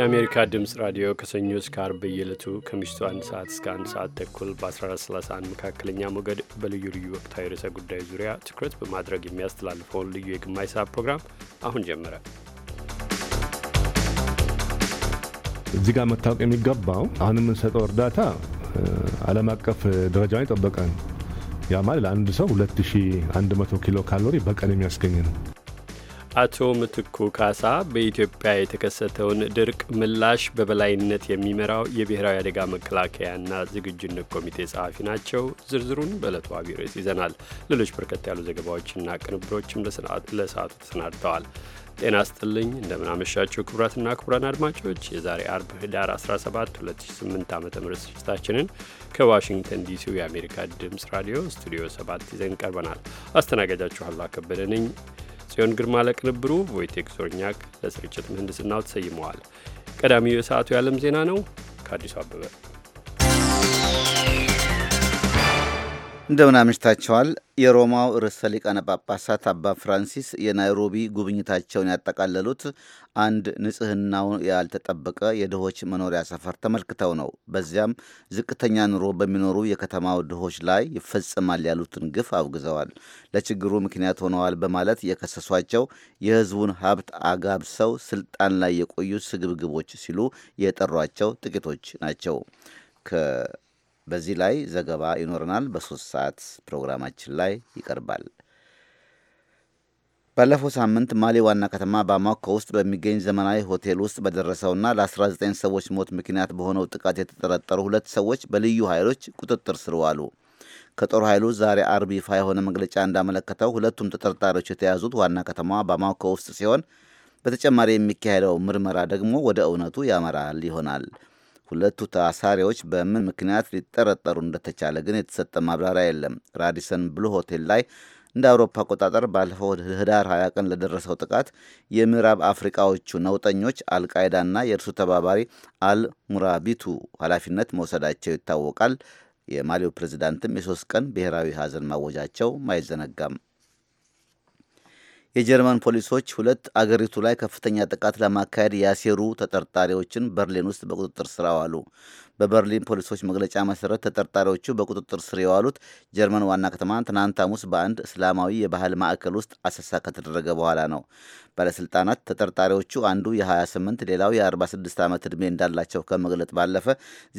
የአሜሪካ ድምፅ ራዲዮ ከሰኞ እስከ አርብ በየዕለቱ ከምሽቱ አንድ ሰዓት እስከ አንድ ሰዓት ተኩል በ1431 መካከለኛ ሞገድ በልዩ ልዩ ወቅታዊ ርዕሰ ጉዳይ ዙሪያ ትኩረት በማድረግ የሚያስተላልፈውን ልዩ የግማሽ ሰዓት ፕሮግራም አሁን ጀመረ። እዚህ ጋር መታወቅ የሚገባው አሁን የምንሰጠው እርዳታ ዓለም አቀፍ ደረጃውን የጠበቀ ነው። ያ ማለት ለአንድ ሰው 2100 ኪሎ ካሎሪ በቀን የሚያስገኝ ነው። አቶ ምትኩ ካሳ በኢትዮጵያ የተከሰተውን ድርቅ ምላሽ በበላይነት የሚመራው የብሔራዊ አደጋ መከላከያና ዝግጁነት ኮሚቴ ጸሐፊ ናቸው። ዝርዝሩን በዕለቱ አብይ ርዕስ ይዘናል። ሌሎች በርከት ያሉ ዘገባዎችና ቅንብሮችም ለሰዓቱ ተሰናድተዋል። ጤና ስጥልኝ እንደምናመሻቸው ክቡራትና ክቡራን አድማጮች የዛሬ አርብ ህዳር 17 2008 ዓ ም ስርጭታችንን ከዋሽንግተን ዲሲው የአሜሪካ ድምፅ ራዲዮ ስቱዲዮ 7 ይዘን ቀርበናል። አስተናጋጃችሁ አሉላ ነኝ። ጽዮን ግርማ ለቅንብሩ፣ ቮይቴክ ሶርኛክ ለስርጭት ምህንድስናው ተሰይመዋል። ቀዳሚው የሰዓቱ የዓለም ዜና ነው። ከአዲሱ አበበ እንደምን አምሽታችኋል። የሮማው ርዕሰ ሊቃነ ጳጳሳት አባ ፍራንሲስ የናይሮቢ ጉብኝታቸውን ያጠቃለሉት አንድ ንጽህናው ያልተጠበቀ የድሆች መኖሪያ ሰፈር ተመልክተው ነው። በዚያም ዝቅተኛ ኑሮ በሚኖሩ የከተማው ድሆች ላይ ይፈጽማል ያሉትን ግፍ አውግዘዋል። ለችግሩ ምክንያት ሆነዋል በማለት የከሰሷቸው የህዝቡን ሀብት አጋብሰው ስልጣን ላይ የቆዩ ስግብግቦች ሲሉ የጠሯቸው ጥቂቶች ናቸው። በዚህ ላይ ዘገባ ይኖረናል። በሶስት ሰዓት ፕሮግራማችን ላይ ይቀርባል። ባለፈው ሳምንት ማሊ ዋና ከተማ ባማኮ ውስጥ በሚገኝ ዘመናዊ ሆቴል ውስጥ በደረሰውና ለ19 ሰዎች ሞት ምክንያት በሆነው ጥቃት የተጠረጠሩ ሁለት ሰዎች በልዩ ኃይሎች ቁጥጥር ስር ዋሉ። ከጦር ኃይሉ ዛሬ አርብ ይፋ የሆነ መግለጫ እንዳመለከተው ሁለቱም ተጠርጣሪዎች የተያዙት ዋና ከተማዋ ባማኮ ውስጥ ሲሆን በተጨማሪ የሚካሄደው ምርመራ ደግሞ ወደ እውነቱ ያመራል ይሆናል። ሁለቱ ታሳሪዎች በምን ምክንያት ሊጠረጠሩ እንደተቻለ ግን የተሰጠ ማብራሪያ የለም። ራዲሰን ብሉ ሆቴል ላይ እንደ አውሮፓ አቆጣጠር ባለፈው ህዳር 20 ቀን ለደረሰው ጥቃት የምዕራብ አፍሪቃዎቹ ነውጠኞች አልቃይዳና የእርሱ ተባባሪ አል ሙራቢቱ ኃላፊነት መውሰዳቸው ይታወቃል። የማሊው ፕሬዚዳንትም የሶስት ቀን ብሔራዊ ሀዘን ማወጃቸው አይዘነጋም። የጀርመን ፖሊሶች ሁለት አገሪቱ ላይ ከፍተኛ ጥቃት ለማካሄድ ያሴሩ ተጠርጣሪዎችን በርሊን ውስጥ በቁጥጥር ስር አዋሉ። በበርሊን ፖሊሶች መግለጫ መሰረት ተጠርጣሪዎቹ በቁጥጥር ስር የዋሉት ጀርመን ዋና ከተማ ትናንት ሐሙስ በአንድ እስላማዊ የባህል ማዕከል ውስጥ አሰሳ ከተደረገ በኋላ ነው። ባለስልጣናት ተጠርጣሪዎቹ አንዱ የ28 ሌላው የ46 ዓመት ዕድሜ እንዳላቸው ከመግለጥ ባለፈ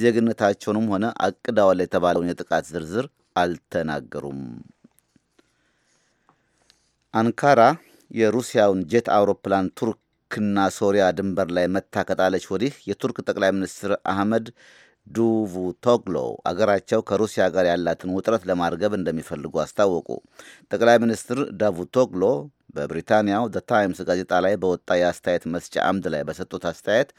ዜግነታቸውንም ሆነ አቅዳዋ የተባለውን የጥቃት ዝርዝር አልተናገሩም። አንካራ የሩሲያውን ጄት አውሮፕላን ቱርክና ሶሪያ ድንበር ላይ መታ ከጣለች ወዲህ የቱርክ ጠቅላይ ሚኒስትር አህመድ ቶግሎ አገራቸው ከሩሲያ ጋር ያላትን ውጥረት ለማርገብ እንደሚፈልጉ አስታወቁ። ጠቅላይ ሚኒስትር ቶግሎ በብሪታንያው ዘ ታይምስ ጋዜጣ ላይ በወጣ የአስተያየት መስጫ አምድ ላይ በሰጡት አስተያየት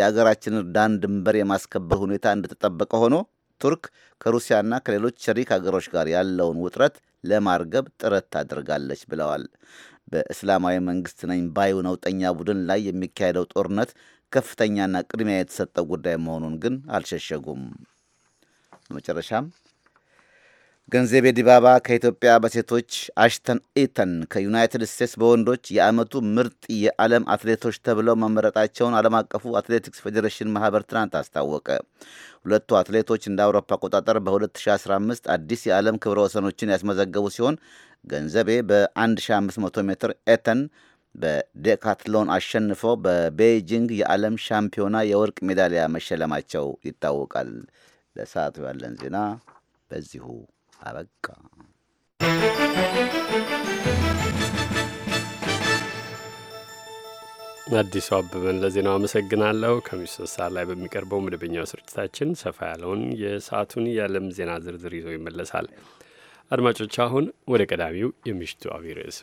የአገራችን ዳን ድንበር የማስከበር ሁኔታ እንደተጠበቀ ሆኖ ቱርክ ከሩሲያና ከሌሎች ሸሪክ አገሮች ጋር ያለውን ውጥረት ለማርገብ ጥረት ታደርጋለች ብለዋል። በእስላማዊ መንግስት ነኝ ባዩ ነውጠኛ ቡድን ላይ የሚካሄደው ጦርነት ከፍተኛና ቅድሚያ የተሰጠው ጉዳይ መሆኑን ግን አልሸሸጉም። በመጨረሻም ገንዘቤ ዲባባ ከኢትዮጵያ በሴቶች አሽተን ኢተን ከዩናይትድ ስቴትስ በወንዶች የዓመቱ ምርጥ የዓለም አትሌቶች ተብለው መመረጣቸውን ዓለም አቀፉ አትሌቲክስ ፌዴሬሽን ማህበር ትናንት አስታወቀ። ሁለቱ አትሌቶች እንደ አውሮፓ አቆጣጠር በ2015 አዲስ የዓለም ክብረ ወሰኖችን ያስመዘገቡ ሲሆን ገንዘቤ በ1500 ሜትር ኤተን በዴካትሎን አሸንፎ በቤይጂንግ የዓለም ሻምፒዮና የወርቅ ሜዳሊያ መሸለማቸው ይታወቃል። ለሰዓቱ ያለን ዜና በዚሁ አበቃ። አዲሱ አበበን ለዜናው አመሰግናለሁ። ከምሽቱ ሶስት ሰዓት ላይ በሚቀርበው መደበኛው ስርጭታችን ሰፋ ያለውን የሰዓቱን የዓለም ዜና ዝርዝር ይዞ ይመለሳል። አድማጮች፣ አሁን ወደ ቀዳሚው የምሽቱ አብይ ርዕስ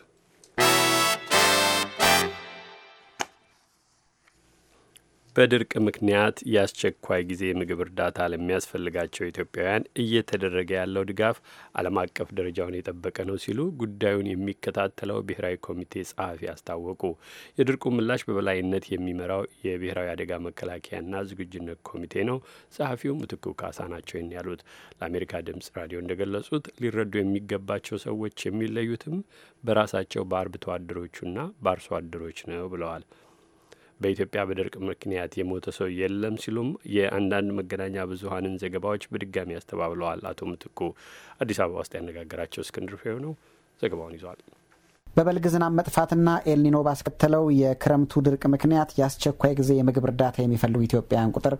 በድርቅ ምክንያት የአስቸኳይ ጊዜ ምግብ እርዳታ ለሚያስፈልጋቸው ኢትዮጵያውያን እየተደረገ ያለው ድጋፍ ዓለም አቀፍ ደረጃውን የጠበቀ ነው ሲሉ ጉዳዩን የሚከታተለው ብሔራዊ ኮሚቴ ጸሐፊ አስታወቁ። የድርቁ ምላሽ በበላይነት የሚመራው የብሔራዊ አደጋ መከላከያና ዝግጁነት ኮሚቴ ነው። ጸሐፊው ምትኩ ካሳ ናቸው ይህን ያሉት። ለአሜሪካ ድምጽ ራዲዮ እንደገለጹት ሊረዱ የሚገባቸው ሰዎች የሚለዩትም በራሳቸው በአርብቶ አደሮቹና በአርሶ አደሮች ነው ብለዋል። በኢትዮጵያ በድርቅ ምክንያት የሞተ ሰው የለም ሲሉም የአንዳንድ መገናኛ ብዙሀንን ዘገባዎች በድጋሚ አስተባብለዋል። አቶ ምትኩ አዲስ አበባ ውስጥ ያነጋገራቸው እስክንድር ፍሬው ነው። ዘገባውን ይዟል። በበልግ ዝናብ መጥፋትና ኤልኒኖ ባስከተለው የክረምቱ ድርቅ ምክንያት የአስቸኳይ ጊዜ የምግብ እርዳታ የሚፈልጉ ኢትዮጵያውያን ቁጥር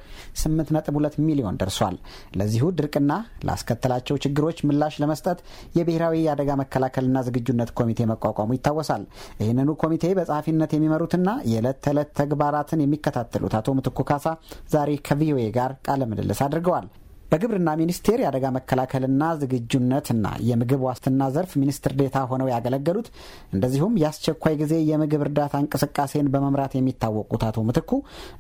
8.2 ሚሊዮን ደርሷል። ለዚሁ ድርቅና ላስከተላቸው ችግሮች ምላሽ ለመስጠት የብሔራዊ የአደጋ መከላከልና ዝግጁነት ኮሚቴ መቋቋሙ ይታወሳል። ይህንኑ ኮሚቴ በጸሐፊነት የሚመሩትና የዕለት ተዕለት ተግባራትን የሚከታተሉት አቶ ምትኩ ካሳ ዛሬ ከቪኦኤ ጋር ቃለ ምልልስ አድርገዋል። በግብርና ሚኒስቴር የአደጋ መከላከልና ዝግጁነትና የምግብ ዋስትና ዘርፍ ሚኒስትር ዴታ ሆነው ያገለገሉት እንደዚሁም የአስቸኳይ ጊዜ የምግብ እርዳታ እንቅስቃሴን በመምራት የሚታወቁት አቶ ምትኩ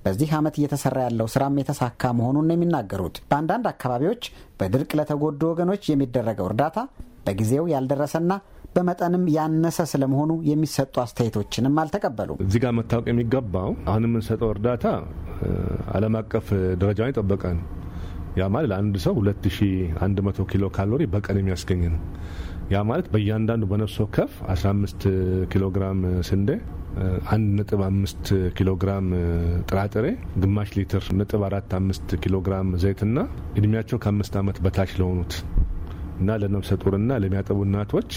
በዚህ ዓመት እየተሰራ ያለው ስራም የተሳካ መሆኑን ነው የሚናገሩት። በአንዳንድ አካባቢዎች በድርቅ ለተጎዱ ወገኖች የሚደረገው እርዳታ በጊዜው ያልደረሰና በመጠንም ያነሰ ስለመሆኑ የሚሰጡ አስተያየቶችንም አልተቀበሉም። እዚህ ጋር መታወቅ የሚገባው አሁን የምንሰጠው እርዳታ ዓለም አቀፍ ደረጃውን የጠበቀ ነው። ያ ማለት ለአንድ ሰው 2100 ኪሎ ካሎሪ በቀን የሚያስገኝ ነው። ያ ማለት በእያንዳንዱ በነፍስ ወከፍ 15 ኪሎ ግራም ስንዴ፣ 1.5 ኪሎ ግራም ጥራጥሬ፣ ግማሽ ሊትር 45 ኪሎ ግራም ዘይትና እድሜያቸው ከአምስት ዓመት በታች ለሆኑት እና ለነፍሰ ጡርና ለሚያጠቡ እናቶች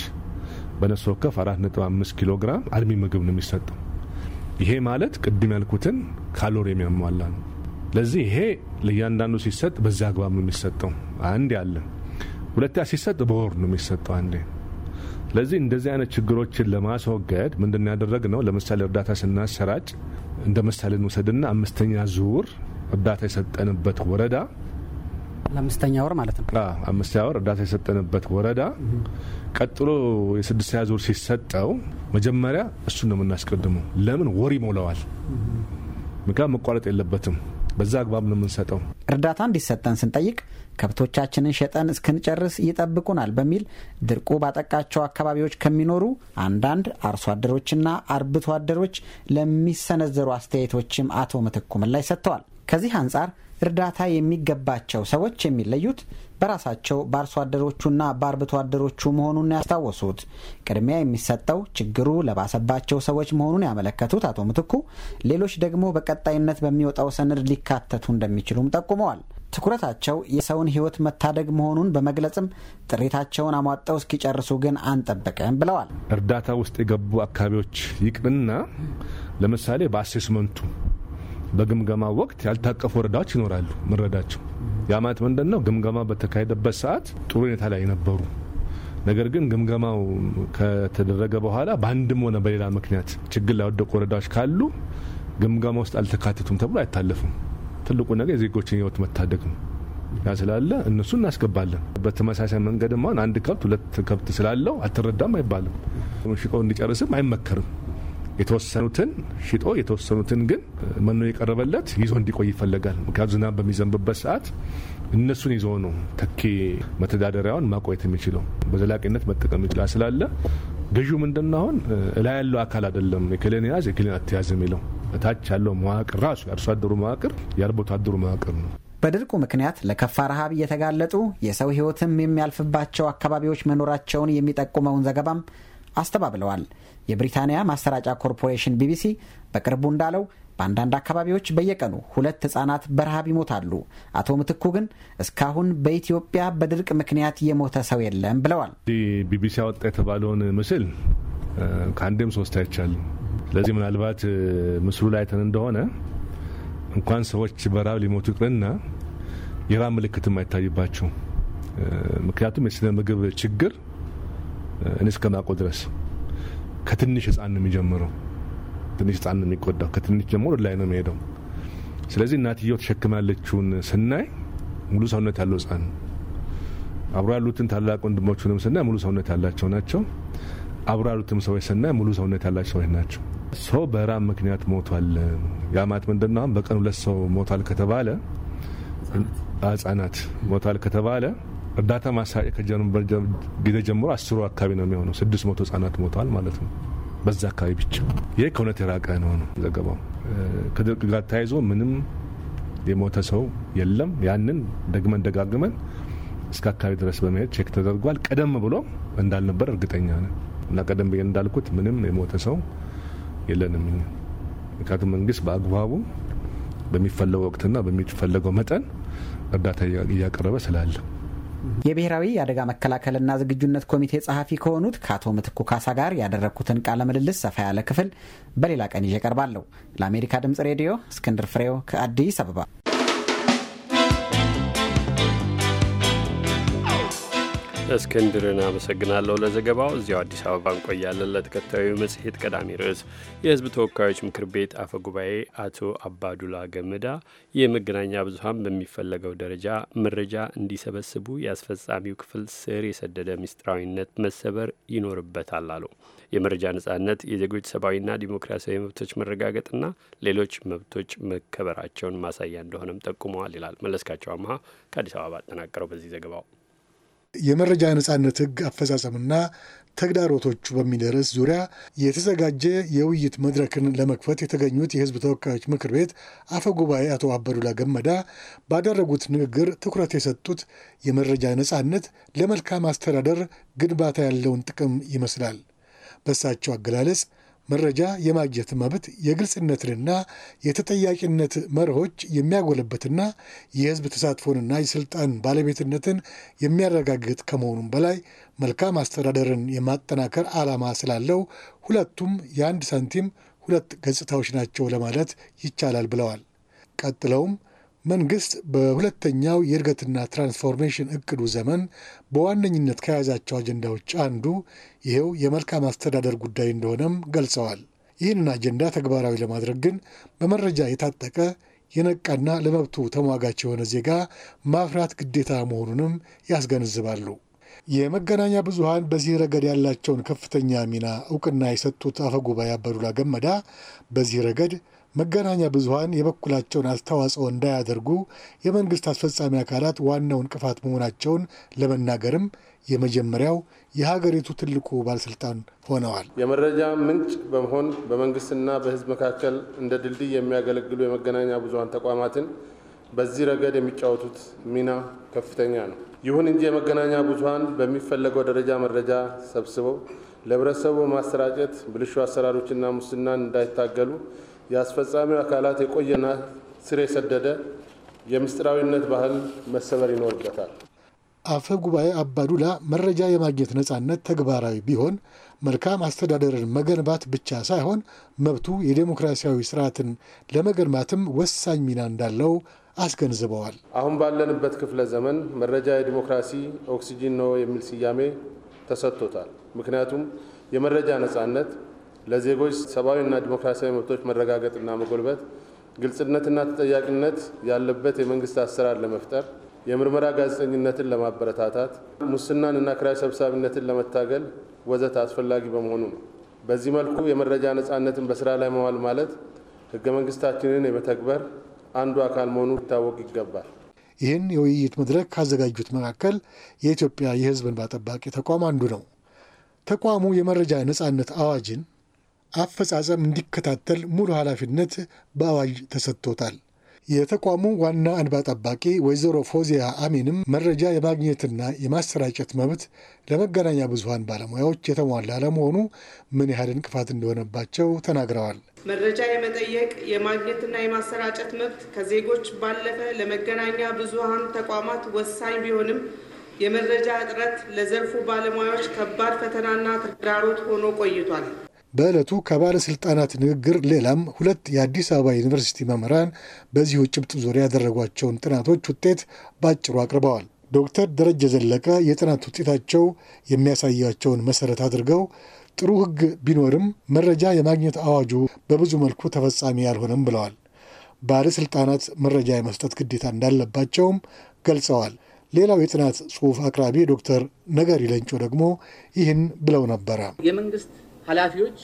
በነፍስ ወከፍ 4.5 ኪሎ ግራም አልሚ ምግብ ነው የሚሰጠው። ይሄ ማለት ቅድም ያልኩትን ካሎሪ የሚያሟላ ነው። ለዚህ ይሄ ለእያንዳንዱ ሲሰጥ በዛ አግባብ ነው የሚሰጠው። አንድ ያለ ሁለተኛ ሲሰጥ በወር ነው የሚሰጠው አንዴ። ስለዚህ እንደዚህ አይነት ችግሮችን ለማስወገድ ምንድን ያደረግ ነው፣ ለምሳሌ እርዳታ ስናሰራጭ እንደ ምሳሌ እንውሰድና አምስተኛ ዙር እርዳታ የሰጠንበት ወረዳ ለአምስተኛ ወር ማለት ነው። አምስተኛ ወር እርዳታ የሰጠንበት ወረዳ ቀጥሎ የስድስተኛ ዙር ሲሰጠው መጀመሪያ እሱን ነው የምናስቀድመው። ለምን ወር ይሞላዋል፣ ምክንያቱም መቋረጥ የለበትም። በዛ አግባብ ነው የምንሰጠው። እርዳታ እንዲሰጠን ስንጠይቅ ከብቶቻችንን ሸጠን እስክንጨርስ ይጠብቁናል በሚል ድርቁ ባጠቃቸው አካባቢዎች ከሚኖሩ አንዳንድ አርሶ አደሮችና አርብቶ አደሮች ለሚሰነዘሩ አስተያየቶችም አቶ ምትኩ ምላሽ ሰጥተዋል። ከዚህ አንጻር እርዳታ የሚገባቸው ሰዎች የሚለዩት በራሳቸው በአርሶ አደሮቹና በአርብቶ አደሮቹ መሆኑን ያስታወሱት ቅድሚያ የሚሰጠው ችግሩ ለባሰባቸው ሰዎች መሆኑን ያመለከቱት አቶ ምትኩ ሌሎች ደግሞ በቀጣይነት በሚወጣው ሰነድ ሊካተቱ እንደሚችሉም ጠቁመዋል። ትኩረታቸው የሰውን ሕይወት መታደግ መሆኑን በመግለጽም ጥሪታቸውን አሟጠው እስኪጨርሱ ግን አንጠብቅም ብለዋል። እርዳታ ውስጥ የገቡ አካባቢዎች ይቅርና ለምሳሌ በአሴስመንቱ በግምገማ ወቅት ያልታቀፉ ወረዳዎች ይኖራሉ። ምንረዳቸው ያ ማለት ምንድን ነው? ግምገማ በተካሄደበት ሰዓት ጥሩ ሁኔታ ላይ ነበሩ። ነገር ግን ግምገማው ከተደረገ በኋላ በአንድም ሆነ በሌላ ምክንያት ችግር ላይ ወደቁ ወረዳዎች ካሉ ግምገማ ውስጥ አልተካተቱም ተብሎ አይታለፍም። ትልቁ ነገር የዜጎችን ህይወት መታደግ ነው። ያ ስላለ እነሱ እናስገባለን። በተመሳሳይ መንገድም አሁን አንድ ከብት ሁለት ከብት ስላለው አትረዳም አይባልም። ሽቀው እንዲጨርስም አይመከርም። የተወሰኑትን ሽጦ የተወሰኑትን ግን መኖ የቀረበለት ይዞ እንዲቆይ ይፈለጋል። ምክንያቱ ዝናብ በሚዘንብበት ሰዓት እነሱን ይዞ ነው ተኪ መተዳደሪያውን ማቆየት የሚችለው በዘላቂነት መጠቀም ይችላል ስላለ ገዢው ምንድን ነው አሁን እላ ያለው አካል አይደለም የክልን ያዝ የክልን አትያዝ የሚለው በታች ያለው መዋቅር ራሱ የአርሶ አደሩ መዋቅር የአርብቶ አደሩ መዋቅር ነው። በድርቁ ምክንያት ለከፋ ረሃብ እየተጋለጡ የሰው ሕይወትም የሚያልፍባቸው አካባቢዎች መኖራቸውን የሚጠቁመውን ዘገባም አስተባብለዋል። የብሪታንያ ማሰራጫ ኮርፖሬሽን ቢቢሲ በቅርቡ እንዳለው በአንዳንድ አካባቢዎች በየቀኑ ሁለት ህጻናት በረሃብ ይሞታሉ። አቶ ምትኩ ግን እስካሁን በኢትዮጵያ በድርቅ ምክንያት የሞተ ሰው የለም ብለዋል። ቢቢሲ አወጣ የተባለውን ምስል ከአንድም ሶስት አይቻልም። ስለዚህ ምናልባት ምስሉ ላይ አይተን እንደሆነ እንኳን ሰዎች በረሃብ ሊሞቱ ይቅርና የራ ምልክትም አይታይባቸው። ምክንያቱም የስነ ምግብ ችግር እኔ እስከማውቀው ድረስ ከትንሽ ህፃን ነው የሚጀምረው። ትንሽ ህፃን ነው የሚጎዳው። ከትንሽ ጀምሮ ላይ ነው የሚሄደው። ስለዚህ እናትየው ተሸክማለችውን ስናይ ሙሉ ሰውነት ያለው ህፃን አብሮ ያሉትን ታላቅ ወንድሞቹንም ስናይ ሙሉ ሰውነት ያላቸው ናቸው። አብሮ ያሉትም ሰዎች ስናይ ሙሉ ሰውነት ያላቸው ሰዎች ናቸው። ሰው በራብ ምክንያት ሞቷል። ያ ማለት ምንድን ነው? በቀን ሁለት ሰው ሞቷል ከተባለ ህጻናት ሞቷል ከተባለ እርዳታ ማሳያ ከጀመረ ጊዜ ጀምሮ አስሩ አካባቢ ነው የሚሆነው። ስድስት መቶ ህጻናት ሞተዋል ማለት ነው በዛ አካባቢ ብቻ። ይህ ከእውነት የራቀ ነው ነው ዘገባው። ከድርቅ ጋር ተያይዞ ምንም የሞተ ሰው የለም። ያንን ደግመን ደጋግመን እስከ አካባቢ ድረስ በመሄድ ቼክ ተደርጓል። ቀደም ብሎ እንዳልነበር እርግጠኛ ነን እና ቀደም ብዬ እንዳልኩት ምንም የሞተ ሰው የለንም ምክንያቱም መንግስት በአግባቡ በሚፈለገው ወቅትና በሚፈለገው መጠን እርዳታ እያቀረበ ስላለ የብሔራዊ የአደጋ መከላከልና ዝግጁነት ኮሚቴ ጸሐፊ ከሆኑት ከአቶ ምትኩ ካሳ ጋር ያደረግኩትን ቃለ ምልልስ ሰፋ ያለ ክፍል በሌላ ቀን ይዤ ቀርባለሁ። ለአሜሪካ ድምጽ ሬዲዮ እስክንድር ፍሬው ከአዲስ አበባ እስክንድርን አመሰግናለሁ ለዘገባው። እዚያው አዲስ አበባ እንቆያለን። ለተከታዩ መጽሔት ቀዳሚ ርዕስ የህዝብ ተወካዮች ምክር ቤት አፈ ጉባኤ አቶ አባዱላ ገመዳ የመገናኛ ብዙኃን በሚፈለገው ደረጃ መረጃ እንዲሰበስቡ የአስፈጻሚው ክፍል ስር የሰደደ ምስጢራዊነት መሰበር ይኖርበታል አሉ። የመረጃ ነጻነት፣ የዜጎች ሰብአዊና ዲሞክራሲያዊ መብቶች መረጋገጥና ሌሎች መብቶች መከበራቸውን ማሳያ እንደሆነም ጠቁመዋል ይላል መለስካቸው አመሀ ከአዲስ አበባ አጠናቀረው በዚህ ዘገባው የመረጃ ነጻነት ሕግ አፈጻጸምና ተግዳሮቶቹ በሚል ርዕስ ዙሪያ የተዘጋጀ የውይይት መድረክን ለመክፈት የተገኙት የህዝብ ተወካዮች ምክር ቤት አፈ ጉባኤ አቶ አበዱላ ገመዳ ባደረጉት ንግግር ትኩረት የሰጡት የመረጃ ነጻነት ለመልካም አስተዳደር ግንባታ ያለውን ጥቅም ይመስላል። በሳቸው አገላለጽ መረጃ የማግኘት መብት የግልጽነትንና የተጠያቂነት መርሆች የሚያጎለበትና የህዝብ ተሳትፎንና የስልጣን ባለቤትነትን የሚያረጋግጥ ከመሆኑም በላይ መልካም አስተዳደርን የማጠናከር ዓላማ ስላለው ሁለቱም የአንድ ሳንቲም ሁለት ገጽታዎች ናቸው ለማለት ይቻላል ብለዋል። ቀጥለውም መንግስት በሁለተኛው የእድገትና ትራንስፎርሜሽን እቅዱ ዘመን በዋነኝነት ከያዛቸው አጀንዳዎች አንዱ ይኸው የመልካም አስተዳደር ጉዳይ እንደሆነም ገልጸዋል። ይህንን አጀንዳ ተግባራዊ ለማድረግ ግን በመረጃ የታጠቀ የነቃና ለመብቱ ተሟጋች የሆነ ዜጋ ማፍራት ግዴታ መሆኑንም ያስገነዝባሉ። የመገናኛ ብዙሃን በዚህ ረገድ ያላቸውን ከፍተኛ ሚና እውቅና የሰጡት አፈጉባኤ አበዱላ ገመዳ በዚህ ረገድ መገናኛ ብዙሀን የበኩላቸውን አስተዋጽኦ እንዳያደርጉ የመንግስት አስፈጻሚ አካላት ዋናው እንቅፋት መሆናቸውን ለመናገርም የመጀመሪያው የሀገሪቱ ትልቁ ባለስልጣን ሆነዋል። የመረጃ ምንጭ በመሆን በመንግስትና በህዝብ መካከል እንደ ድልድይ የሚያገለግሉ የመገናኛ ብዙሀን ተቋማትን በዚህ ረገድ የሚጫወቱት ሚና ከፍተኛ ነው። ይሁን እንጂ የመገናኛ ብዙሀን በሚፈለገው ደረጃ መረጃ ሰብስበው ለህብረተሰቡ ማሰራጨት ብልሹ አሰራሮችና ሙስናን እንዳይታገሉ የአስፈጻሚው አካላት የቆየና ስር የሰደደ የምስጢራዊነት ባህል መሰበር ይኖርበታል። አፈ ጉባኤ አባዱላ መረጃ የማግኘት ነጻነት ተግባራዊ ቢሆን መልካም አስተዳደርን መገንባት ብቻ ሳይሆን መብቱ የዴሞክራሲያዊ ስርዓትን ለመገንባትም ወሳኝ ሚና እንዳለው አስገንዝበዋል። አሁን ባለንበት ክፍለ ዘመን መረጃ የዲሞክራሲ ኦክሲጂን ነው የሚል ስያሜ ተሰጥቶታል። ምክንያቱም የመረጃ ነጻነት ለዜጎች ሰብአዊና ዲሞክራሲያዊ መብቶች መረጋገጥና መጎልበት፣ ግልጽነትና ተጠያቂነት ያለበት የመንግስት አሰራር ለመፍጠር፣ የምርመራ ጋዜጠኝነትን ለማበረታታት፣ ሙስናንና ክራይ ሰብሳቢነትን ለመታገል ወዘት አስፈላጊ በመሆኑ ነው። በዚህ መልኩ የመረጃ ነጻነትን በስራ ላይ መዋል ማለት ህገ መንግስታችንን የመተግበር አንዱ አካል መሆኑ ሊታወቅ ይገባል። ይህን የውይይት መድረክ ካዘጋጁት መካከል የኢትዮጵያ የህዝብ እንባ ጠባቂ ተቋም አንዱ ነው። ተቋሙ የመረጃ ነጻነት አዋጅን አፈጻጸም እንዲከታተል ሙሉ ኃላፊነት በአዋጅ ተሰጥቶታል። የተቋሙ ዋና አንባ ጠባቂ ወይዘሮ ፎዚያ አሚንም መረጃ የማግኘትና የማሰራጨት መብት ለመገናኛ ብዙሃን ባለሙያዎች የተሟላ ለመሆኑ ምን ያህል እንቅፋት እንደሆነባቸው ተናግረዋል። መረጃ የመጠየቅ የማግኘትና የማሰራጨት መብት ከዜጎች ባለፈ ለመገናኛ ብዙሃን ተቋማት ወሳኝ ቢሆንም የመረጃ እጥረት ለዘርፉ ባለሙያዎች ከባድ ፈተናና ተግዳሮት ሆኖ ቆይቷል። በዕለቱ ከባለሥልጣናት ንግግር ሌላም ሁለት የአዲስ አበባ ዩኒቨርሲቲ መምህራን በዚሁ ጭብጥ ዙሪያ ያደረጓቸውን ጥናቶች ውጤት ባጭሩ አቅርበዋል። ዶክተር ደረጀ ዘለቀ የጥናት ውጤታቸው የሚያሳያቸውን መሠረት አድርገው ጥሩ ሕግ ቢኖርም መረጃ የማግኘት አዋጁ በብዙ መልኩ ተፈጻሚ ያልሆነም ብለዋል። ባለሥልጣናት መረጃ የመስጠት ግዴታ እንዳለባቸውም ገልጸዋል። ሌላው የጥናት ጽሑፍ አቅራቢ ዶክተር ነገሪ ለንጮ ደግሞ ይህን ብለው ነበረ። የመንግስት ኃላፊዎች፣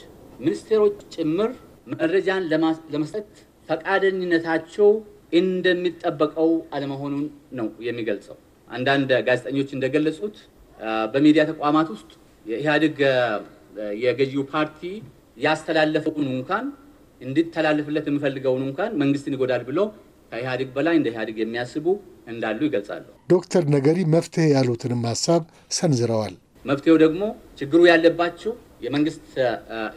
ሚኒስቴሮች ጭምር መረጃን ለመስጠት ፈቃደኝነታቸው እንደሚጠበቀው አለመሆኑን ነው የሚገልጸው። አንዳንድ ጋዜጠኞች እንደገለጹት በሚዲያ ተቋማት ውስጥ የኢህአዴግ የገዢው ፓርቲ ያስተላለፈውን እንኳን እንዲተላለፍለት የሚፈልገውን እንኳን መንግስትን ይጎዳል ብሎ ከኢህአዴግ በላይ እንደ ኢህአዴግ የሚያስቡ እንዳሉ ይገልጻሉ። ዶክተር ነገሪ መፍትሄ ያሉትንም ሀሳብ ሰንዝረዋል። መፍትሄው ደግሞ ችግሩ ያለባቸው የመንግስት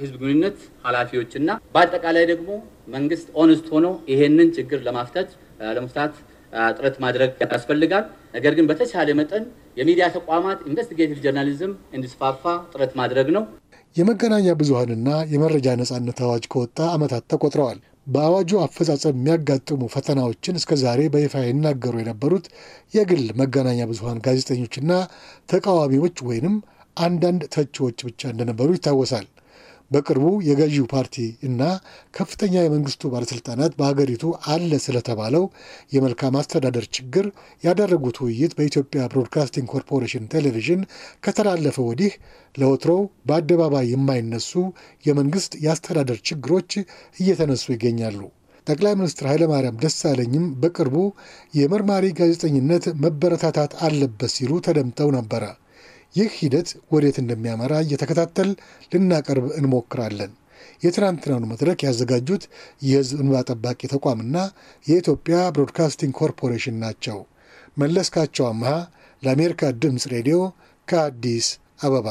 ህዝብ ግንኙነት ኃላፊዎችና በአጠቃላይ ደግሞ መንግስት ኦነስት ሆኖ ይሄንን ችግር ለማፍታት ለመፍታት ጥረት ማድረግ ያስፈልጋል። ነገር ግን በተቻለ መጠን የሚዲያ ተቋማት ኢንቨስቲጌቲቭ ጆርናሊዝም እንዲስፋፋ ጥረት ማድረግ ነው። የመገናኛ ብዙሀንና የመረጃ ነጻነት አዋጅ ከወጣ ዓመታት ተቆጥረዋል። በአዋጁ አፈጻጸም የሚያጋጥሙ ፈተናዎችን እስከ ዛሬ በይፋ ይናገሩ የነበሩት የግል መገናኛ ብዙሀን ጋዜጠኞችና ተቃዋሚዎች ወይንም አንዳንድ ተቺዎች ብቻ እንደነበሩ ይታወሳል። በቅርቡ የገዢው ፓርቲ እና ከፍተኛ የመንግስቱ ባለስልጣናት በሀገሪቱ አለ ስለተባለው የመልካም አስተዳደር ችግር ያደረጉት ውይይት በኢትዮጵያ ብሮድካስቲንግ ኮርፖሬሽን ቴሌቪዥን ከተላለፈ ወዲህ ለወትሮው በአደባባይ የማይነሱ የመንግስት የአስተዳደር ችግሮች እየተነሱ ይገኛሉ። ጠቅላይ ሚኒስትር ኃይለማርያም ደሳለኝም በቅርቡ የመርማሪ ጋዜጠኝነት መበረታታት አለበት ሲሉ ተደምጠው ነበረ። ይህ ሂደት ወዴት እንደሚያመራ እየተከታተል ልናቀርብ እንሞክራለን። የትናንትናውን መድረክ ያዘጋጁት የሕዝብ እንባ ጠባቂ ተቋምና የኢትዮጵያ ብሮድካስቲንግ ኮርፖሬሽን ናቸው። መለስካቸው አምሃ ለአሜሪካ ድምፅ ሬዲዮ ከአዲስ አበባ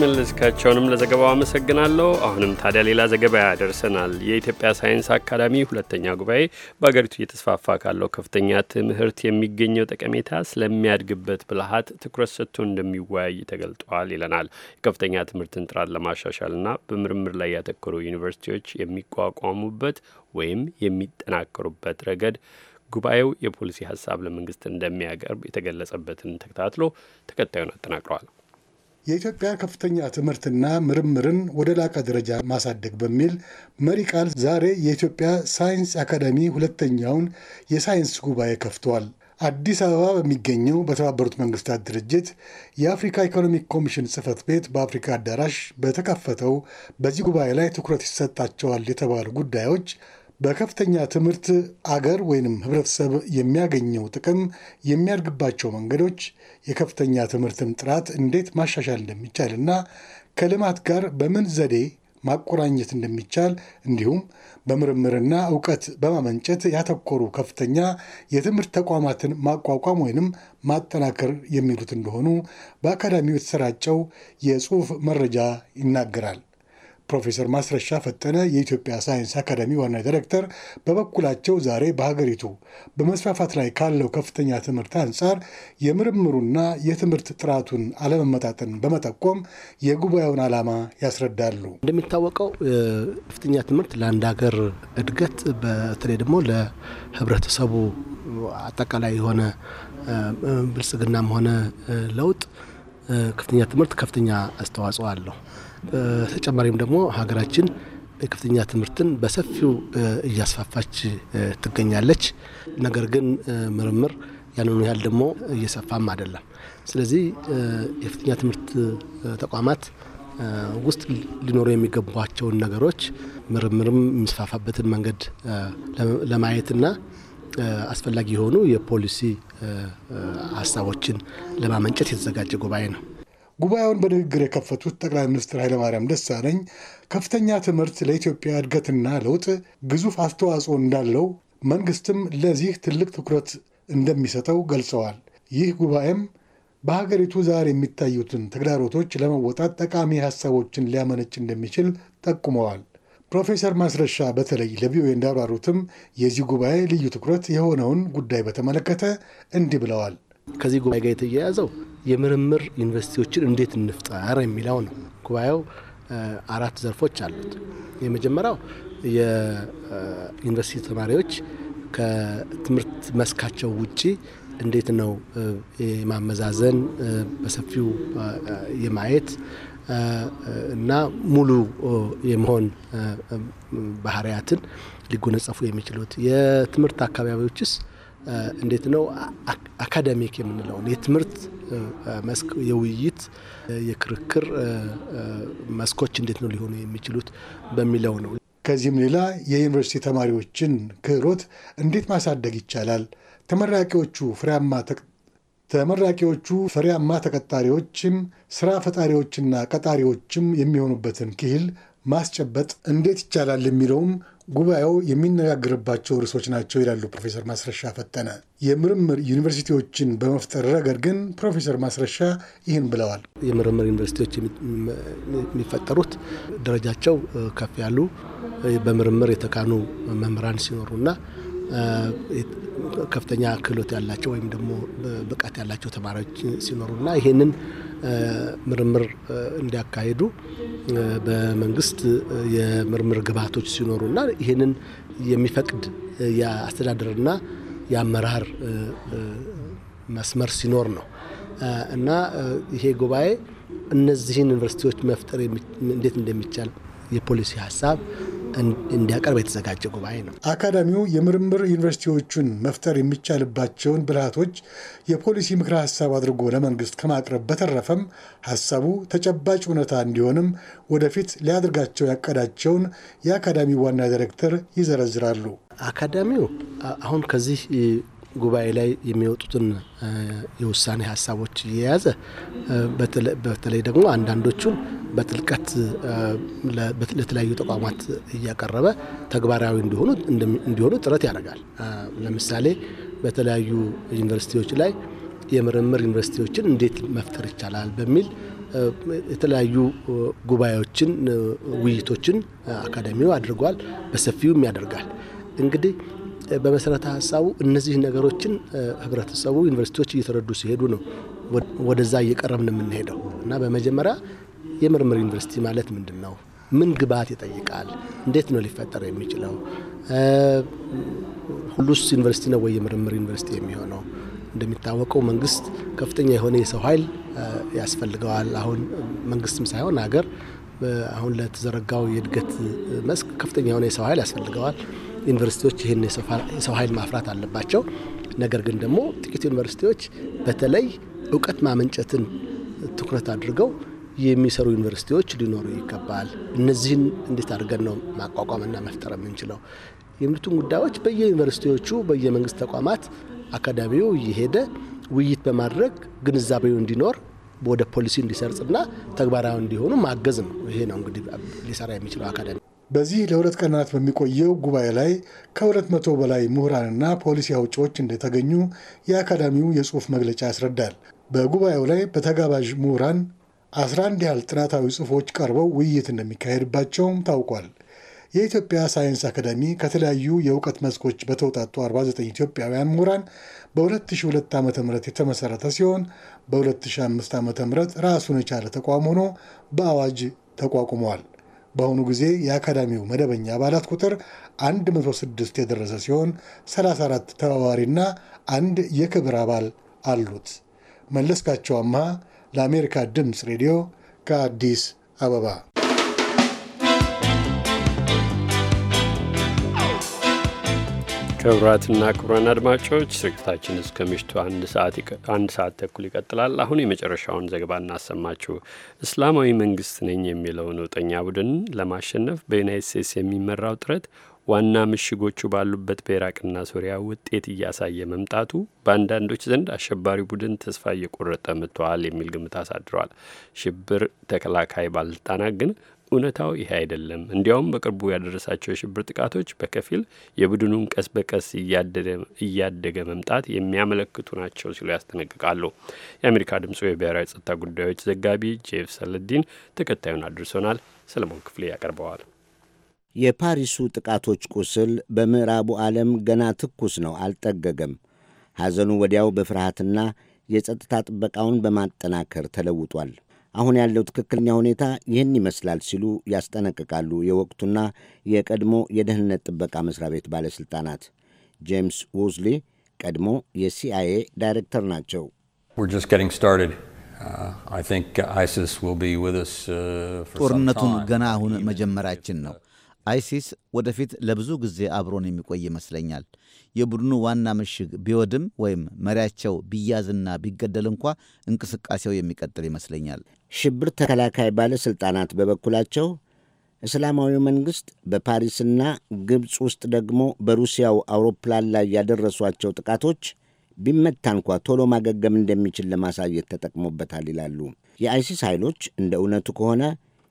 መለስካቸውንም ለዘገባው አመሰግናለሁ። አሁንም ታዲያ ሌላ ዘገባ ያደርሰናል። የኢትዮጵያ ሳይንስ አካዳሚ ሁለተኛ ጉባኤ በአገሪቱ እየተስፋፋ ካለው ከፍተኛ ትምህርት የሚገኘው ጠቀሜታ ስለሚያድግበት ብልሃት ትኩረት ሰጥቶ እንደሚወያይ ተገልጧል ይለናል። የከፍተኛ ትምህርትን ጥራት ለማሻሻልና በምርምር ላይ ያተኮሩ ዩኒቨርሲቲዎች የሚቋቋሙበት ወይም የሚጠናከሩበት ረገድ ጉባኤው የፖሊሲ ሀሳብ ለመንግስት እንደሚያቀርብ የተገለጸበትን ተከታትሎ ተከታዩን አጠናቅረዋል። የኢትዮጵያ ከፍተኛ ትምህርትና ምርምርን ወደ ላቀ ደረጃ ማሳደግ በሚል መሪ ቃል ዛሬ የኢትዮጵያ ሳይንስ አካደሚ ሁለተኛውን የሳይንስ ጉባኤ ከፍቷል። አዲስ አበባ በሚገኘው በተባበሩት መንግስታት ድርጅት የአፍሪካ ኢኮኖሚክ ኮሚሽን ጽህፈት ቤት በአፍሪካ አዳራሽ በተከፈተው በዚህ ጉባኤ ላይ ትኩረት ይሰጣቸዋል የተባሉ ጉዳዮች በከፍተኛ ትምህርት አገር ወይንም ህብረተሰብ የሚያገኘው ጥቅም የሚያድግባቸው መንገዶች የከፍተኛ ትምህርትን ጥራት እንዴት ማሻሻል እንደሚቻልና ከልማት ጋር በምን ዘዴ ማቆራኘት እንደሚቻል እንዲሁም በምርምርና እውቀት በማመንጨት ያተኮሩ ከፍተኛ የትምህርት ተቋማትን ማቋቋም ወይንም ማጠናከር የሚሉት እንደሆኑ በአካዳሚው የተሰራጨው የጽሑፍ መረጃ ይናገራል። ፕሮፌሰር ማስረሻ ፈጠነ የኢትዮጵያ ሳይንስ አካዳሚ ዋና ዳይሬክተር በበኩላቸው ዛሬ በሀገሪቱ በመስፋፋት ላይ ካለው ከፍተኛ ትምህርት አንጻር የምርምሩና የትምህርት ጥራቱን አለመመጣጠን በመጠቆም የጉባኤውን ዓላማ ያስረዳሉ። እንደሚታወቀው ከፍተኛ ትምህርት ለአንድ ሀገር እድገት በተለይ ደግሞ ለህብረተሰቡ አጠቃላይ የሆነ ብልጽግናም ሆነ ለውጥ ከፍተኛ ትምህርት ከፍተኛ አስተዋጽኦ አለው። በተጨማሪም ደግሞ ሀገራችን የከፍተኛ ትምህርትን በሰፊው እያስፋፋች ትገኛለች። ነገር ግን ምርምር ያንኑ ያህል ደግሞ እየሰፋም አይደለም። ስለዚህ የከፍተኛ ትምህርት ተቋማት ውስጥ ሊኖሩ የሚገቧቸውን ነገሮች ምርምርም የሚስፋፋበትን መንገድ ለማየትና አስፈላጊ የሆኑ የፖሊሲ ሀሳቦችን ለማመንጨት የተዘጋጀ ጉባኤ ነው። ጉባኤውን በንግግር የከፈቱት ጠቅላይ ሚኒስትር ኃይለማርያም ደሳለኝ ከፍተኛ ትምህርት ለኢትዮጵያ እድገትና ለውጥ ግዙፍ አስተዋጽኦ እንዳለው መንግስትም ለዚህ ትልቅ ትኩረት እንደሚሰጠው ገልጸዋል። ይህ ጉባኤም በሀገሪቱ ዛሬ የሚታዩትን ተግዳሮቶች ለመወጣት ጠቃሚ ሀሳቦችን ሊያመነጭ እንደሚችል ጠቁመዋል። ፕሮፌሰር ማስረሻ በተለይ ለቪኦኤ እንዳብራሩትም የዚህ ጉባኤ ልዩ ትኩረት የሆነውን ጉዳይ በተመለከተ እንዲህ ብለዋል። ከዚህ ጉባኤ ጋር የተያያዘው የምርምር ዩኒቨርሲቲዎችን እንዴት እንፍጠር የሚለው ነው። ጉባኤው አራት ዘርፎች አሉት። የመጀመሪያው የዩኒቨርሲቲ ተማሪዎች ከትምህርት መስካቸው ውጪ እንዴት ነው የማመዛዘን በሰፊው የማየት እና ሙሉ የመሆን ባህሪያትን ሊጎነጸፉ የሚችሉት የትምህርት አካባቢዎችስ እንዴት ነው አካዳሚክ የምንለውን የትምህርት መስክ የውይይት የክርክር መስኮች እንዴት ነው ሊሆኑ የሚችሉት በሚለው ነው። ከዚህም ሌላ የዩኒቨርሲቲ ተማሪዎችን ክህሎት እንዴት ማሳደግ ይቻላል፣ ተመራቂዎቹ ፍሬያማ ተመራቂዎቹ ፍሬያማ ተቀጣሪዎችም ስራ ፈጣሪዎችና ቀጣሪዎችም የሚሆኑበትን ክህል ማስጨበጥ እንዴት ይቻላል የሚለውም ጉባኤው የሚነጋግርባቸው ርዕሶች ናቸው ይላሉ ፕሮፌሰር ማስረሻ ፈጠነ። የምርምር ዩኒቨርሲቲዎችን በመፍጠር ረገድ ግን ፕሮፌሰር ማስረሻ ይህን ብለዋል። የምርምር ዩኒቨርሲቲዎች የሚፈጠሩት ደረጃቸው ከፍ ያሉ በምርምር የተካኑ መምህራን ሲኖሩና ከፍተኛ ክህሎት ያላቸው ወይም ደግሞ ብቃት ያላቸው ተማሪዎች ሲኖሩና ይህንን ምርምር እንዲያካሂዱ በመንግስት የምርምር ግብዓቶች ሲኖሩና ይህንን የሚፈቅድ የአስተዳደርና የአመራር መስመር ሲኖር ነው እና ይሄ ጉባኤ እነዚህን ዩኒቨርሲቲዎች መፍጠር እንዴት እንደሚቻል የፖሊሲ ሀሳብ እንዲያቀርብ የተዘጋጀ ጉባኤ ነው። አካዳሚው የምርምር ዩኒቨርሲቲዎቹን መፍጠር የሚቻልባቸውን ብልሃቶች የፖሊሲ ምክረ ሀሳብ አድርጎ ለመንግስት ከማቅረብ በተረፈም ሀሳቡ ተጨባጭ እውነታ እንዲሆንም ወደፊት ሊያደርጋቸው ያቀዳቸውን የአካዳሚው ዋና ዳይሬክተር ይዘረዝራሉ። አካዳሚው አሁን ከዚህ ጉባኤ ላይ የሚወጡትን የውሳኔ ሀሳቦች እየያዘ በተለይ ደግሞ አንዳንዶቹን በጥልቀት ለተለያዩ ተቋማት እያቀረበ ተግባራዊ እንዲሆኑ ጥረት ያደርጋል። ለምሳሌ በተለያዩ ዩኒቨርሲቲዎች ላይ የምርምር ዩኒቨርሲቲዎችን እንዴት መፍጠር ይቻላል በሚል የተለያዩ ጉባኤዎችን፣ ውይይቶችን አካዳሚው አድርጓል፣ በሰፊውም ያደርጋል እንግዲህ በመሰረተ ሀሳቡ እነዚህ ነገሮችን ህብረተሰቡ፣ ዩኒቨርሲቲዎች እየተረዱ ሲሄዱ ነው ወደዛ እየቀረብን የምንሄደው እና በመጀመሪያ የምርምር ዩኒቨርሲቲ ማለት ምንድን ነው? ምን ግብዓት ይጠይቃል? እንዴት ነው ሊፈጠር የሚችለው? ሁሉስ ዩኒቨርሲቲ ነው ወይ የምርምር ዩኒቨርሲቲ የሚሆነው? እንደሚታወቀው መንግስት ከፍተኛ የሆነ የሰው ኃይል ያስፈልገዋል። አሁን መንግስትም ሳይሆን ሀገር አሁን ለተዘረጋው የእድገት መስክ ከፍተኛ የሆነ የሰው ኃይል ያስፈልገዋል። ዩኒቨርሲቲዎች ይህን የሰው ኃይል ማፍራት አለባቸው። ነገር ግን ደግሞ ጥቂት ዩኒቨርሲቲዎች በተለይ እውቀት ማመንጨትን ትኩረት አድርገው የሚሰሩ ዩኒቨርሲቲዎች ሊኖሩ ይገባል። እነዚህን እንዴት አድርገን ነው ማቋቋምና መፍጠር የምንችለው የሚሉትን ጉዳዮች በየዩኒቨርሲቲዎቹ በየመንግስት ተቋማት አካዳሚው እየሄደ ውይይት በማድረግ ግንዛቤው እንዲኖር ወደ ፖሊሲ እንዲሰርጽና ተግባራዊ እንዲሆኑ ማገዝ ነው። ይሄ ነው እንግዲህ ሊሰራ የሚችለው አካዳሚ በዚህ ለሁለት ቀናት በሚቆየው ጉባኤ ላይ ከሁለት መቶ በላይ ምሁራንና ፖሊሲ አውጪዎች እንደተገኙ የአካዳሚው የጽሑፍ መግለጫ ያስረዳል። በጉባኤው ላይ በተጋባዥ ምሁራን 11 ያህል ጥናታዊ ጽሑፎች ቀርበው ውይይት እንደሚካሄድባቸውም ታውቋል። የኢትዮጵያ ሳይንስ አካዳሚ ከተለያዩ የእውቀት መስኮች በተውጣጡ 49 ኢትዮጵያውያን ምሁራን በ2002 ዓ ም የተመሠረተ ሲሆን በ2005 ዓ ም ራሱን የቻለ ተቋም ሆኖ በአዋጅ ተቋቁመዋል። በአሁኑ ጊዜ የአካዳሚው መደበኛ አባላት ቁጥር 106 የደረሰ ሲሆን 34 ተባባሪና አንድ የክብር አባል አሉት። መለስካቸው አምሃ ለአሜሪካ ድምፅ ሬዲዮ ከአዲስ አበባ ክቡራትና ክቡራን አድማጮች ስርጭታችን እስከ ምሽቱ አንድ ሰዓት ተኩል ይቀጥላል። አሁን የመጨረሻውን ዘገባ እናሰማችሁ። እስላማዊ መንግስት ነኝ የሚለው ነውጠኛ ቡድን ለማሸነፍ በዩናይት ስቴትስ የሚመራው ጥረት ዋና ምሽጎቹ ባሉበት በኢራቅና ሶሪያ ውጤት እያሳየ መምጣቱ በአንዳንዶች ዘንድ አሸባሪ ቡድን ተስፋ እየቆረጠ መጥተዋል የሚል ግምት አሳድረዋል። ሽብር ተከላካይ ባለስልጣናት ግን እውነታው ይሄ አይደለም። እንዲያውም በቅርቡ ያደረሳቸው የሽብር ጥቃቶች በከፊል የቡድኑን ቀስ በቀስ እያደገ መምጣት የሚያመለክቱ ናቸው ሲሉ ያስጠነቅቃሉ። የአሜሪካ ድምጽ የብሔራዊ ጸጥታ ጉዳዮች ዘጋቢ ጄፍ ሰለዲን ተከታዩን አድርሶናል። ሰለሞን ክፍሌ ያቀርበዋል። የፓሪሱ ጥቃቶች ቁስል በምዕራቡ ዓለም ገና ትኩስ ነው፣ አልጠገገም። ሐዘኑ ወዲያው በፍርሃትና የጸጥታ ጥበቃውን በማጠናከር ተለውጧል። አሁን ያለው ትክክለኛ ሁኔታ ይህን ይመስላል ሲሉ ያስጠነቅቃሉ የወቅቱና የቀድሞ የደህንነት ጥበቃ መስሪያ ቤት ባለሥልጣናት። ጄምስ ዎዝሊ ቀድሞ የሲአይኤ ዳይሬክተር ናቸው። uh, uh, ጦርነቱን ገና አሁን መጀመራችን ነው አይሲስ ወደፊት ለብዙ ጊዜ አብሮን የሚቆይ ይመስለኛል። የቡድኑ ዋና ምሽግ ቢወድም ወይም መሪያቸው ቢያዝና ቢገደል እንኳ እንቅስቃሴው የሚቀጥል ይመስለኛል። ሽብር ተከላካይ ባለሥልጣናት በበኩላቸው እስላማዊ መንግሥት በፓሪስና ግብፅ ውስጥ ደግሞ በሩሲያው አውሮፕላን ላይ ያደረሷቸው ጥቃቶች ቢመታ እንኳ ቶሎ ማገገም እንደሚችል ለማሳየት ተጠቅሞበታል ይላሉ። የአይሲስ ኃይሎች እንደ እውነቱ ከሆነ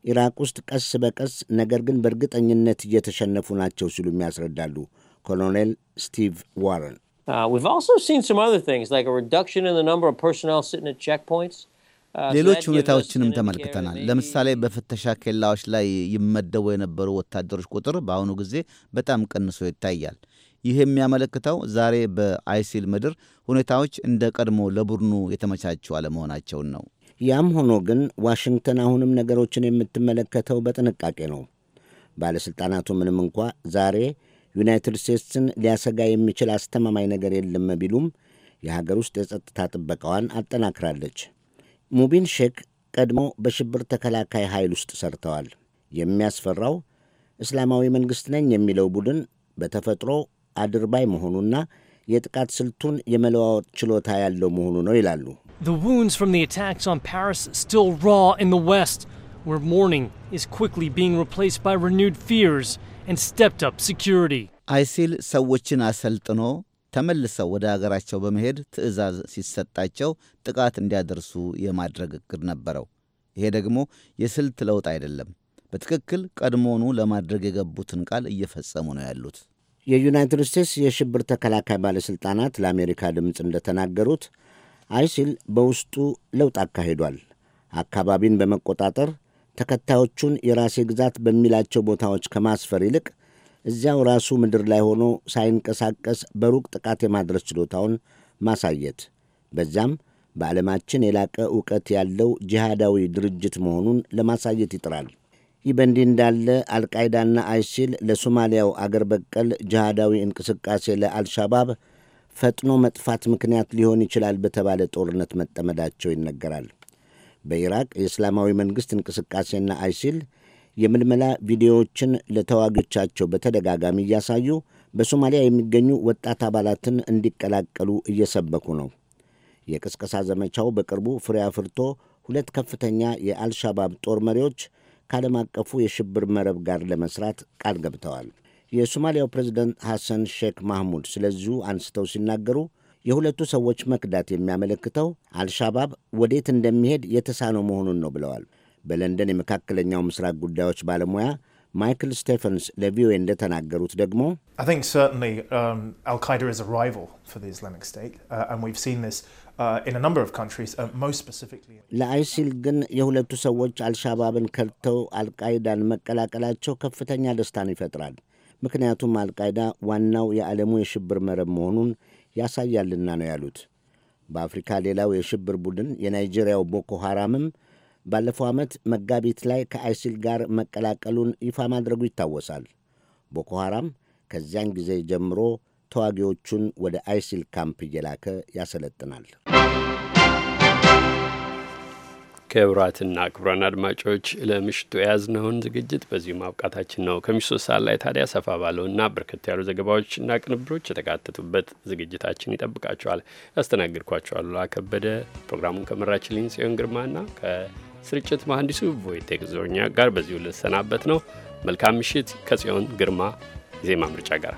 ኢራቅ ውስጥ ቀስ በቀስ ነገር ግን በእርግጠኝነት እየተሸነፉ ናቸው ሲሉ የሚያስረዳሉ ኮሎኔል ስቲቭ ዋረን። uh, uh, ሌሎች ሁኔታዎችንም ተመልክተናል። ለምሳሌ በፍተሻ ኬላዎች ላይ ይመደቡ የነበሩ ወታደሮች ቁጥር በአሁኑ ጊዜ በጣም ቀንሶ ይታያል። ይህ የሚያመለክተው ዛሬ በአይሲል ምድር ሁኔታዎች እንደ ቀድሞ ለቡድኑ የተመቻቹ አለመሆናቸውን ነው። ያም ሆኖ ግን ዋሽንግተን አሁንም ነገሮችን የምትመለከተው በጥንቃቄ ነው። ባለሥልጣናቱ ምንም እንኳ ዛሬ ዩናይትድ ስቴትስን ሊያሰጋ የሚችል አስተማማኝ ነገር የለም ቢሉም የሀገር ውስጥ የጸጥታ ጥበቃዋን አጠናክራለች። ሙቢን ሼክ ቀድሞ በሽብር ተከላካይ ኃይል ውስጥ ሰርተዋል። የሚያስፈራው እስላማዊ መንግሥት ነኝ የሚለው ቡድን በተፈጥሮ አድርባይ መሆኑና የጥቃት ስልቱን የመለዋወጥ ችሎታ ያለው መሆኑ ነው ይላሉ። The wounds from the attacks on Paris still raw in the West, where mourning is quickly being replaced by renewed fears and stepped up security. አይሲል ሰዎችን አሰልጥኖ ተመልሰው ወደ አገራቸው በመሄድ ትዕዛዝ ሲሰጣቸው ጥቃት እንዲያደርሱ የማድረግ እቅድ ነበረው። ይሄ ደግሞ የስልት ለውጥ አይደለም። በትክክል ቀድሞኑ ለማድረግ የገቡትን ቃል እየፈጸሙ ነው ያሉት። የዩናይትድ ስቴትስ የሽብር ተከላካይ ባለሥልጣናት ለአሜሪካ ድምፅ እንደተናገሩት አይሲል በውስጡ ለውጥ አካሂዷል። አካባቢን በመቆጣጠር ተከታዮቹን የራሴ ግዛት በሚላቸው ቦታዎች ከማስፈር ይልቅ እዚያው ራሱ ምድር ላይ ሆኖ ሳይንቀሳቀስ በሩቅ ጥቃት የማድረስ ችሎታውን ማሳየት በዚያም በዓለማችን የላቀ ዕውቀት ያለው ጂሃዳዊ ድርጅት መሆኑን ለማሳየት ይጥራል። ይህ በእንዲህ እንዳለ አልቃይዳና አይሲል ለሶማሊያው አገር በቀል ጂሃዳዊ እንቅስቃሴ ለአልሻባብ ፈጥኖ መጥፋት ምክንያት ሊሆን ይችላል በተባለ ጦርነት መጠመዳቸው ይነገራል። በኢራቅ የእስላማዊ መንግሥት እንቅስቃሴና አይሲል የምልመላ ቪዲዮዎችን ለተዋጊዎቻቸው በተደጋጋሚ እያሳዩ በሶማሊያ የሚገኙ ወጣት አባላትን እንዲቀላቀሉ እየሰበኩ ነው። የቅስቀሳ ዘመቻው በቅርቡ ፍሬ አፍርቶ ሁለት ከፍተኛ የአልሻባብ ጦር መሪዎች ከዓለም አቀፉ የሽብር መረብ ጋር ለመስራት ቃል ገብተዋል። የሶማሊያው ፕሬዚደንት ሐሰን ሼክ ማህሙድ ስለዚሁ አንስተው ሲናገሩ የሁለቱ ሰዎች መክዳት የሚያመለክተው አልሻባብ ወዴት እንደሚሄድ የተሳነው መሆኑን ነው ብለዋል። በለንደን የመካከለኛው ምስራቅ ጉዳዮች ባለሙያ ማይክል ስቴፈንስ ለቪኦኤ እንደተናገሩት ደግሞ um, uh, uh, uh, ለአይሲል ግን የሁለቱ ሰዎች አልሻባብን ከድተው አልቃይዳን መቀላቀላቸው ከፍተኛ ደስታን ይፈጥራል። ምክንያቱም አልቃይዳ ዋናው የዓለሙ የሽብር መረብ መሆኑን ያሳያልና ነው ያሉት። በአፍሪካ ሌላው የሽብር ቡድን የናይጄሪያው ቦኮ ሐራምም ባለፈው ዓመት መጋቢት ላይ ከአይሲል ጋር መቀላቀሉን ይፋ ማድረጉ ይታወሳል። ቦኮ ሐራም ከዚያን ጊዜ ጀምሮ ተዋጊዎቹን ወደ አይሲል ካምፕ እየላከ ያሰለጥናል። ክቡራትና ክቡራን አድማጮች ለምሽቱ የያዝነውን ዝግጅት በዚሁ ማብቃታችን ነው። ከምሽቱ ሰዓት ላይ ታዲያ ሰፋ ባለውና በርከት ያሉ ዘገባዎችና ቅንብሮች የተካተቱበት ዝግጅታችን ይጠብቃችኋል። ያስተናግድኳችሁ አሉላ ከበደ፣ ፕሮግራሙን ከመራችልኝ ጽዮን ግርማና ከስርጭት መሐንዲሱ ቮይቴክ ዞርኛ ጋር በዚሁ ልሰናበት ነው። መልካም ምሽት ከጽዮን ግርማ ዜማ ምርጫ ጋር